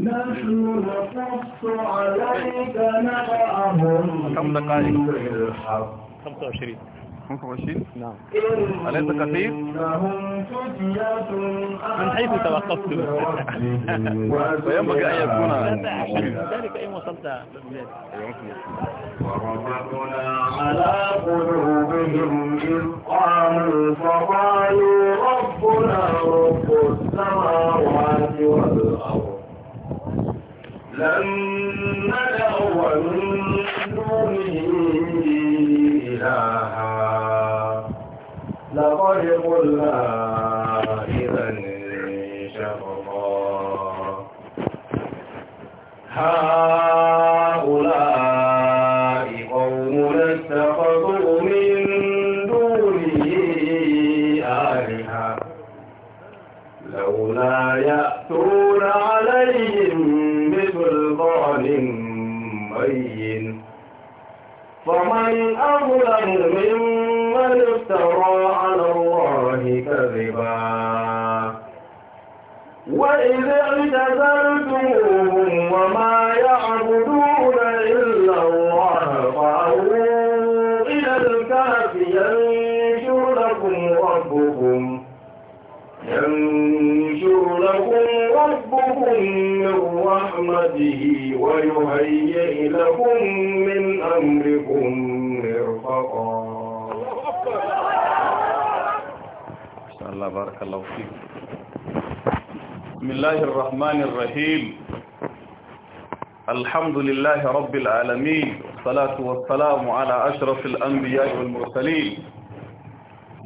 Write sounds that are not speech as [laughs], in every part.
نحن نقص عليك نبأهم كم دقائق؟ 25 25 نعم أليس كثير؟ من حيث توقفت وينبغي [laughs] أن يكون ذلك إن وصلت وربطنا على قلوبهم إذ قالوا فقالوا ربنا رب السماوات والأرض لم ندعو من دونه إلها لقد قلنا من أظلم ممن افترى على الله كذبا وإذ اعتزلتموهم وما يعبدون إلا الله فأووا إلى الكهف ينشر لكم ربكم ينشر لكم ربكم من رحمته ويهيئ لكم من أمركم الله بارك الله فيك بسم الله الرحمن الرحيم الحمد لله رب العالمين والصلاة والسلام على أشرف الأنبياء والمرسلين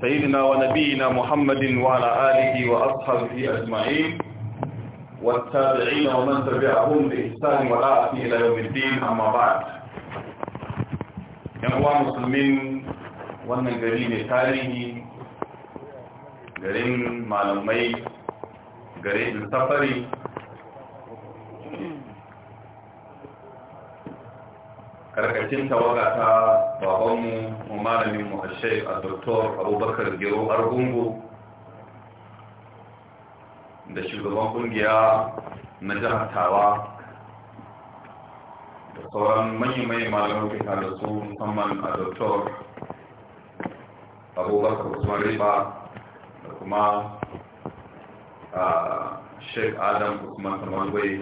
سيدنا ونبينا محمد وعلى آله وأصحابه أجمعين والتابعين ومن تبعهم بإحسان ولا إلى يوم الدين أما بعد يا مسلمين وانا gari ne garin malamai garin safari karkashin tawaga ta babanmu mu muhashai a doktor abubakar gero argungu da shugaban kungiya na jihar tawa da sauran manyan malamin fita da su musamman a doktor abubakar usman riba kuma sheik adam usman samanwai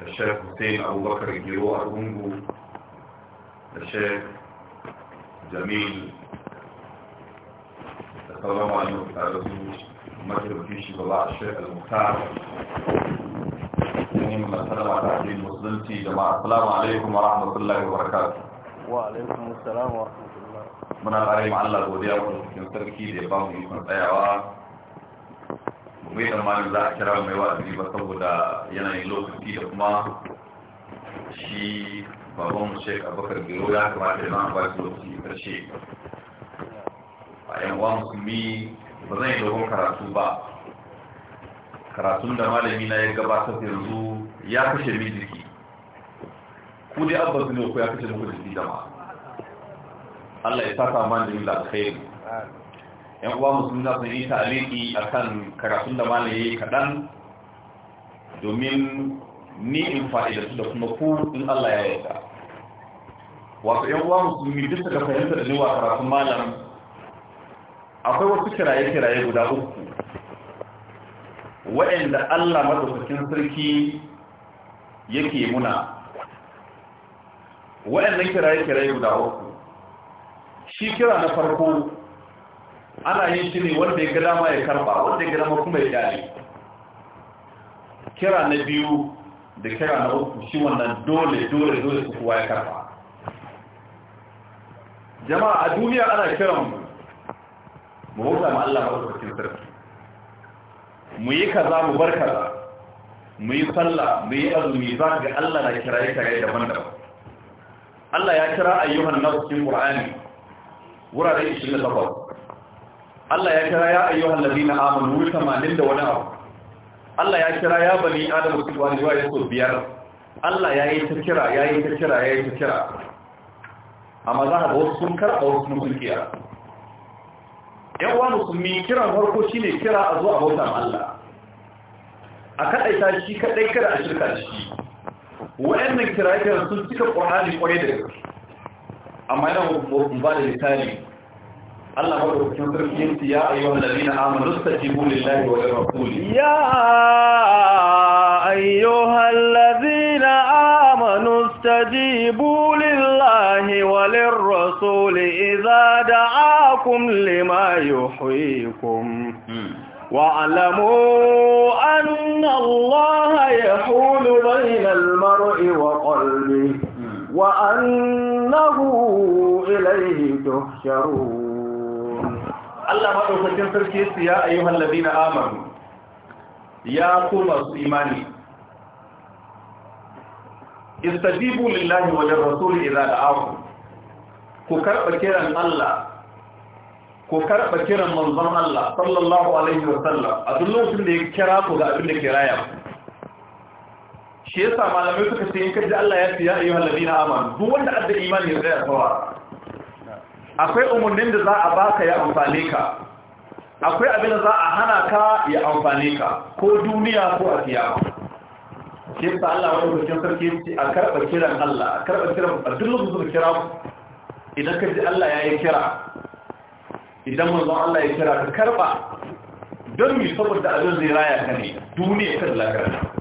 da sheik hussein abubakar giro a rungu da sheik jamil da sauran wani tare su mataimakin shugaba a sheik al-mukhtar ne mai salama ta ake musulunci jama'a assalamu alaikum wa rahmatullahi wa barakatuh wa alaikum assalam wa rahmatullahi muna ƙarin ma godiya ku cikin sarki da ya ba mu ikon tsayawa mu bai tsammanin za a kira mai wa ba saboda yanayin lokaci da kuma shi babban mu shek abubakar biro ya kamata ya zama ba su lokaci karshe a yan uwa musulmi ba zan yi dogon karatu ba karatun da malami na ya gabatar yanzu ya kashe min jiki ku dai abba ne ku ya kashe muku jiki jama'a Allah ya saka man da yin alkhairi yan uwa musulmi za su yi ta'aliki akan karatun da malam kadan domin ni in fa'ida su da kuma ku in Allah ya yarda wato yan uwa musulmi duk da fahimta da niwa karatun malam akwai wasu kiraye-kiraye guda uku waɗanda Allah madaukakin sarki yake muna waɗannan kiraye-kiraye guda uku shi kira na farko ana yin shi ne wanda ya gada ma ya karba wanda ya gada ma kuma ya dale kira na biyu da kira na uku shi wannan dole dole dole su kuwa ya karba jama'a a duniya ana kiran mu mu wuta ma Allah cikin sarki mu yi kaza mu bar kaza mu yi sallah mu yi azumi za ga Allah na kiraye kiraye daban-daban Allah ya kira ayyuhan nasu cikin Qur'ani wurare 28 Allah ya kira ya ayyuhal ladina amanu wuri tamanin da wani abu Allah ya kira ya bani adamu su wani zuwa ya so biyar Allah ya yi ta kira ya yi ta kira ya yi ta kira amma za a ga wasu sun karɓa wasu sun kira yan wani mi kiran farko shi ne kira a zuwa bauta ma Allah a kaɗaita shi kaɗai kada a shirka da shi wa'annan kira kira sun cika ƙwarhani ƙwarai da gaske amma yana ba da misali Allah ba da cikin sarkin su ya ayyuhal ladina amanu istajibu lillahi wa lirrasuli ya ayyuhal ladina amanu istajibu lillahi wa lirrasuli idza da'akum lima yuhyikum واعلموا أن الله يحول بين المرء وقلبه وأنه إليه تحشرون الله ما أفكر تركيس يا أيها الذين آمنوا يا قوم إيماني استجيبوا لله وللرسول إذا دعاكم كوكر بكيرا الله ko karɓa kiran manzon Allah sallallahu alaihi wa sallam a duk lokacin da ya kira ku ga abin da ke raya ku shi yasa malamai suka ce in ka ji Allah ya fiya ayyuhal lalina amanu duk wanda adda imani ya zai asawa akwai umurnin da za a baka ya amfane ka akwai abin da za a hana ka ya amfane ka ko duniya ko a kiyama shi yasa Allah wani hukuncin sarki ce a karɓar kiran Allah a karɓar kiran a duk lokacin suka kira idan ka ji Allah ya yi kira idan manzon Allah ya kira ka karɓa don mi saboda abin zai raya ka ne duniya kan lafiya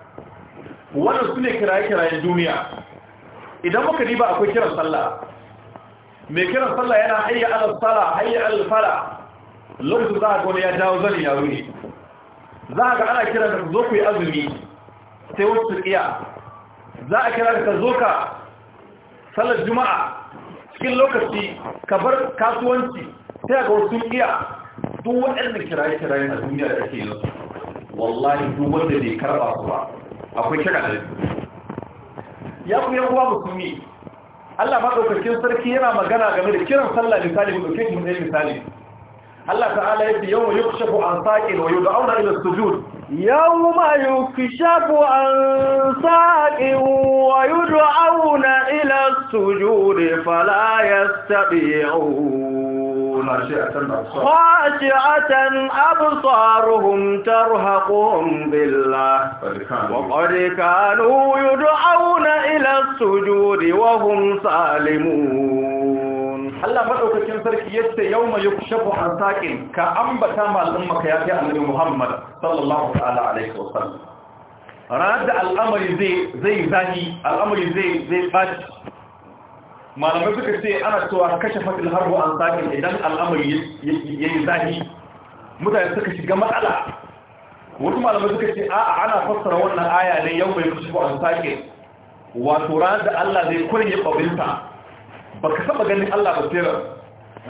wannan su ne kiraye-kirayen duniya idan muka diba akwai kiran sallah mai kiran sallah yana hayya alasala hayya alfala lokacin za a ga ya dawo zani ya wuri za a ga ana kiran da zo ku yi azumi sai wasu iya za a kira ka zo ka sallar juma'a cikin lokaci ka bar kasuwanci sai ga wasu iya duk waɗannan kiraye-kirayen a duniya da ake yi wallahi duk wanda bai karɓa su ba akwai kira da ya ku yan uwa musulmi Allah madaukakin sarki yana magana game da kiran sallah misali ko kike mun misali Allah ta'ala yace yawma yukshafu an saqin wa yud'auna ila sujud yawma yukshafu an saqin wa yud'auna ila sujud fala yastabi'un خاشعة أبصارهم ترهقهم بالله وقد كانوا يدعون إلى السجود وهم سالمون الله مدعوك كن سركي يوم يكشف عن ساكن كأنبتا مع الأمك يا أمي محمد صلى الله عليه وسلم رد الأمر زي زي زاهي الأمر زي زي فاتح malamai suka ce ana cewa kashe fatil harbu an sake idan al'amari ya yi zahi mutane suka shiga matsala wasu malamai suka ce a ana fassara wannan aya ne yau mai kashe an sake. wato ran da Allah zai ya kwabinsa ba ka saba ganin Allah ba tsira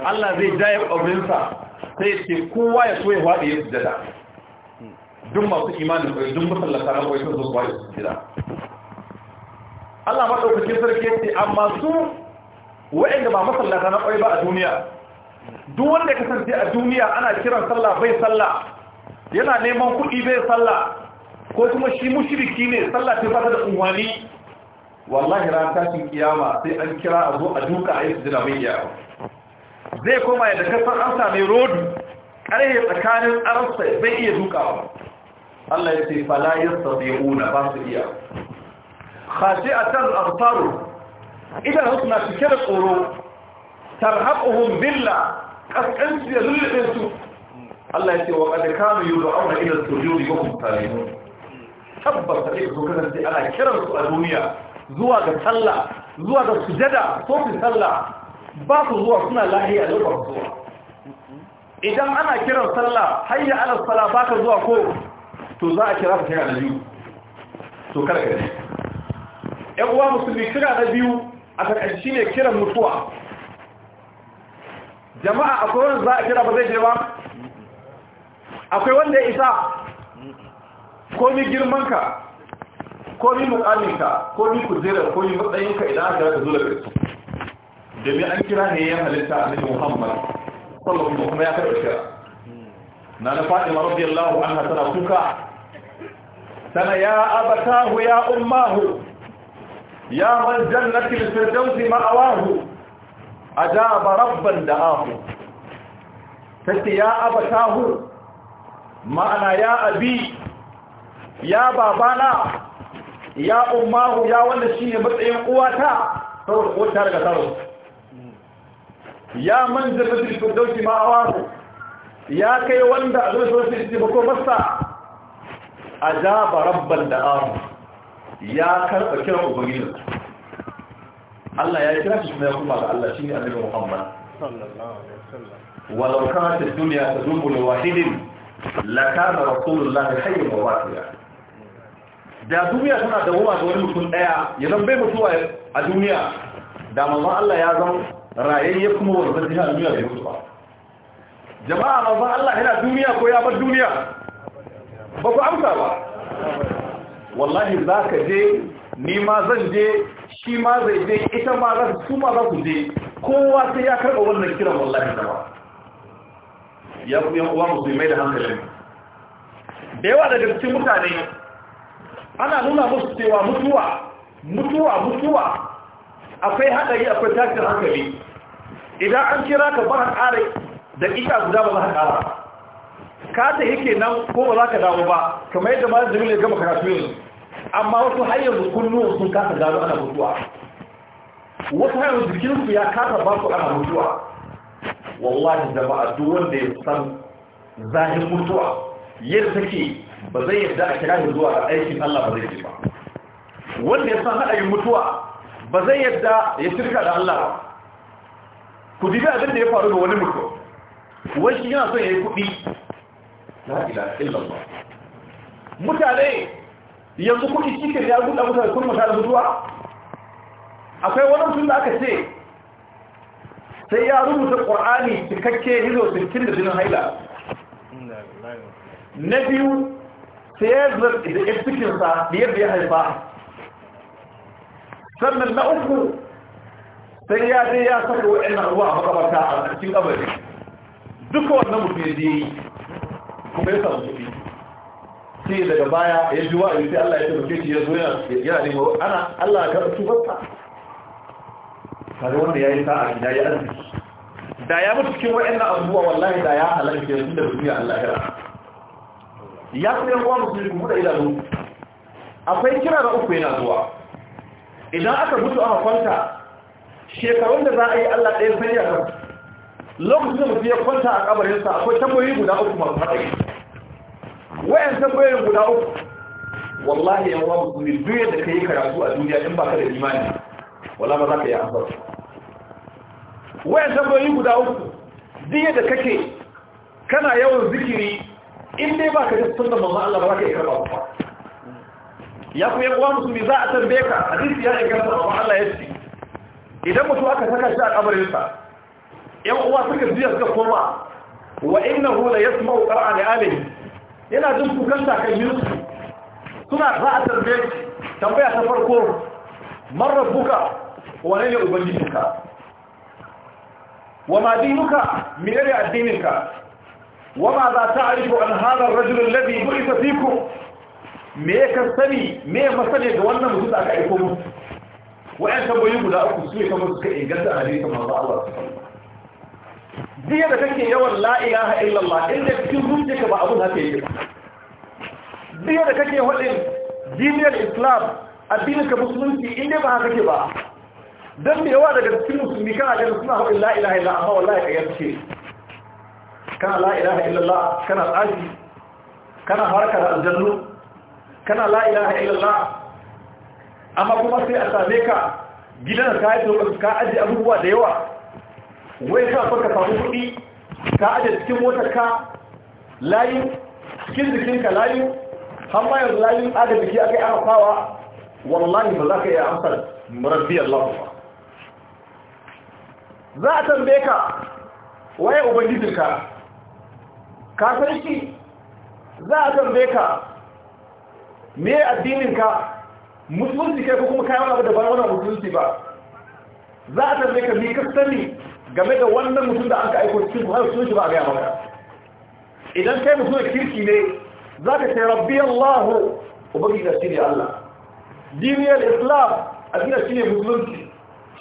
Allah zai ya kwabinsa sai ce kowa ya so ya waɗe ya sujada duk masu imanin ɓai duk masallata na ɓai sun zo kwaye su sujada Allah maɗaukakin sarki ce amma su Waɗanda ba masallata na ƙwai ba a duniya duk wanda kasance a duniya ana kiran sallah bai sallah yana neman kuɗi bai sallah ko kuma shi mushiriki ne sallah ta fata da unwani wallahi ran tashin kiyama sai an kira a zo a duka a yi sujina mai zai koma yadda kasar an same rodi ƙarhe tsakanin aransa bai iya dukawa Allah ya ce fala yasta bai una ba su iya khashi'atan absaru idan hausu na cike da tsoro tarhaquhum billa kaskanci ya lullube su Allah ya ce wa qad kanu yud'auna ila as-sujudi wa hum salimun tabbata ne ko kana sai ana kiran su a duniya zuwa ga sallah zuwa ga sujada ko fi sallah ba su zuwa suna lahiya da zuwa idan ana kiran sallah hayya ala sala baka zuwa ko to za a kira ka kai na biyu to ka ne ƴan uwa musulmi kira na biyu a shi ne kiran mutuwa jama'a akwai wanda za a kira ba zai je ba akwai wanda ya isa komi girmanka komi mukaminka komi kujerar komi matsayinka idan aka zo zuwa kai domin an kira ne ya halitta a nufin muhammad sallallahu kuma ya karɓar kira na na fatima radiyallahu anha tana kuka sana ya abatahu ya ummahu يا من جنة الفردوس مأواه أجاب ربا دعاه تتي يا أبا شاهر معنى يا أبي يا بابانا يا أماه يا ونشي بطعين قواتا تقول قوة شارك تروس يا من da الفردوس مأواه يا كي وندع ya kai wanda a أجاب ربا دعاه ya karɓa kiran ubangijin Allah ya kira shi kuma ya kuma ga Allah shine annabi Muhammad sallallahu alaihi wasallam walau kanat ad-dunya tadubu li wahidin la kana rasulullah hayyan wa baqiya da duniya tana da wuma ga wani mutum daya ya zan bai mutuwa a duniya da manzon Allah ya zan rayayye kuma wanda zai duniya bai mutuwa jama'a manzon Allah yana duniya ko ya bar duniya ba ku amsa ba wallahi za ka je ni ma zan je shi ma zai je ita ma za su ma za su je kowa sai ya karɓa wannan kiran wallahi da ba ya ku yan uwa musulmai da hankalin da yawa daga cikin mutane ana nuna musu cewa mutuwa mutuwa mutuwa akwai haɗari akwai tashin hankali idan an kira ka ba ƙara da ita guda ba za ka ƙara ka ta yake nan ko ba za ka dawo ba kamar yadda ma zai gama karatu yanzu amma wasu hanyar kullum sun kasa gano ana mutuwa wasu hanyar yanzu jikinsu ya kasa ba su ana mutuwa wallahi jama'a duk wanda ya san zahir mutuwa yadda take ba zai yadda a kira zuwa ga aikin Allah ba zai ba wanda ya san haɗarin mutuwa ba zai yadda ya shirka da Allah ku dibi abin da ya faru da wani mutum wani shi yana son ya yi kuɗi la ila illallah mutane yanzu kuɗi shi ke ya buɗa mutane kun da mutuwa akwai wani sun da aka ce sai ya rubuta ƙwa'ani cikakke hizo 60 da jinin haila na biyu sai ya zarki da ya cikinsa da yadda ya haifa sannan na uku sai ya zai ya saka wa'annan ruwa a makabarta a cikin abari duka wannan mutum ya je yi kuma ya samu kuɗi sai daga baya ya ji wa sai Allah ya tabbake shi ya zo yana nemo ana Allah ka tubarta kaga wanda yayi sa'a ya yi arziki da ya mutu cikin wa'annan abubuwa wallahi da ya halaka da tunda duniya Allah ya ya ku yan uwa musulmi ku da idanu akwai kira da uku yana zuwa idan aka mutu aka kwanta shekarun da za a yi Allah ɗaya sanya lokacin da mutu ya kwanta a kabarinsa akwai tambayoyi guda uku masu haɗari wayan tambayoyin guda uku wallahi yan uwa musulmi duk yadda kai karatu a duniya in baka da imani wallahi ba za ka yi amfani wayan tambayoyin guda uku duk yadda kake kana yawan zikiri in dai baka da sunna manzo Allah ba za ka yi karba ba ya ku yan uwa musulmi za a tambaye ka hadisi ya inganta ba Allah ya ce idan mutum aka saka shi a kabarinsa yan uwa suka jiya suka koma wa innahu la yasma'u qara'a li alihi yana jin kukan takalminsu suna za a tambaya ta farko marar buka wane ne ubangijinka wa ma dinuka menene addininka wa ma za ta arifu an hadar rajulun labi bu'isa fiku me ka sani me masane ga wannan mutum da aka aiko musu wa'yan tambayoyi guda uku su ne kamar suka inganta a hadisin awa Allah su alaihi jiya da kake yawan la ilaha illallah inda cikin ka ba abun haka yake jiya da kake wadin jiniyar islam addinin ka musulunci inda ba haka ke ba dan da yawa daga cikin musulmi kana ganin suna haɗin la ilaha illallah amma wallahi ka yarce kana la ilaha illallah kana tsaji kana harka da aljannu kana la ilaha illallah amma kuma sai a same ka gidan ka yi ka ajiye abubuwa da yawa wai ka so ka samu kuɗi ka aje cikin motar ka layu cikin jikinka layi? har ma yanzu layu aga jiki aka yi arafawa wallahi ba za ka iya amsar murabbi Allah ba za a tambaye ka waye ubangijin ka san shi za a tambaye ka me addininka musulunci kai ko kuma kayan abu da ba wani musulunci ba za a tambaye ka me ka sani game da wannan mutum da aka ka aiko cikin har su shi ba ga maka idan kai mutum da kirki ne zaka ka sai rabbi Allah ubangi da shi ne allah diniyar islam adina shi ne musulunci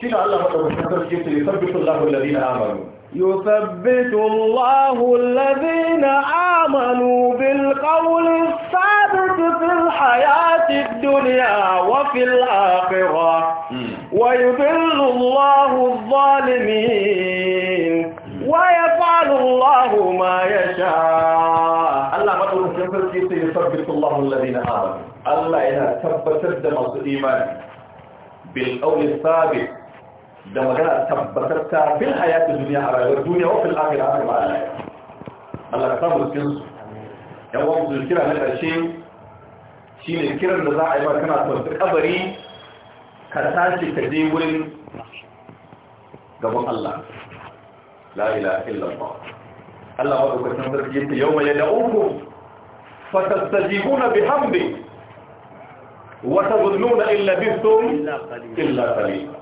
shi ne allah maɗaukacin da ce ne sabbin allahu lalina amalu يثبت الله الذين آمنوا بالقول الثابت في الحياة الدنيا وفي الآخرة ويذل الله الظالمين يثبت الله الذين آمنوا الله إذا ثبت الدمس إيمان بالأول الثابت دمغنا ثبتتها في الحياة الدنيا على الدنيا وفي الآخرة على مع الله الله كتاب الكنس يوم الكرة من الشيء شيء الكرة اللي ما عيبا كان أتوسط قبري كتاشي كديول قبل الله لا إله إلا الله الله وقت نظر يوم يدعوكم فتستجيبون بحمده وتظنون إلا بثم إلا قليلا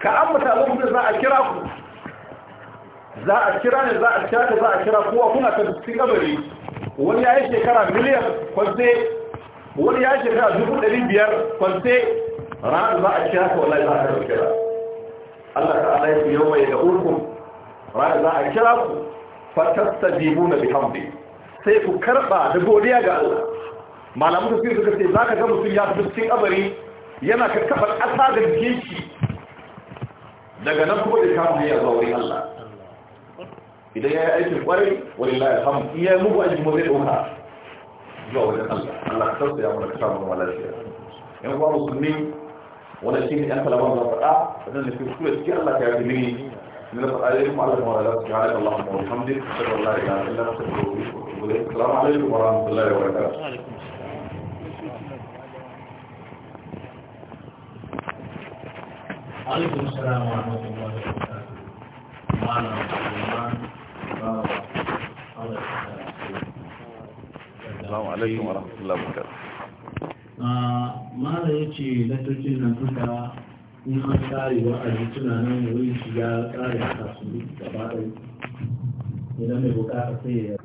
كأمت أظن ذا أكراك ذا أكران ذا أكراك ذا أكراك هو هنا تبسي قبلي ولي عيش كرا مليار فلسي ولي عيش كرا جبر قليل بيار فلسي ران ذا والله ولا ذا أكراك الله تعالى يوم لكم ران ذا أكراك فتستجيبون بحمده sai ku karɓa da godiya ga Allah malamu da suka ce za ka ga mutum ya fi cikin abari yana kakkaɓar ƙasa da jiki daga nan kuma da kamun ya zuwa Allah idan ya yi aikin kwarai wani la'ayar hamu iya mugu a jikin mazai ɗauka zuwa wajen Allah Allah ka sarsa ya mula ka samu zama lafiya yan kuma musulmi wanda shi ne yan kalaman na faɗa wajen da ke kuma cikin Allah ka yi mini ne na faɗa ya yi kuma Allah ta mara lafiya Allah ta mara lafiya Allah ta mara lafiya Allah ta mara lafiya sosai salamu alaikum wa rahmatullahi wa barakatuh alaikum salam wa rahmatullahi wa barakatuh malam Sulaiman bawa Allah Assalamu alaikum wa latocin nan duka in an kare wa aji tunanin wurin shiga kare kasu gaba ɗaya idan mai bukata sai ya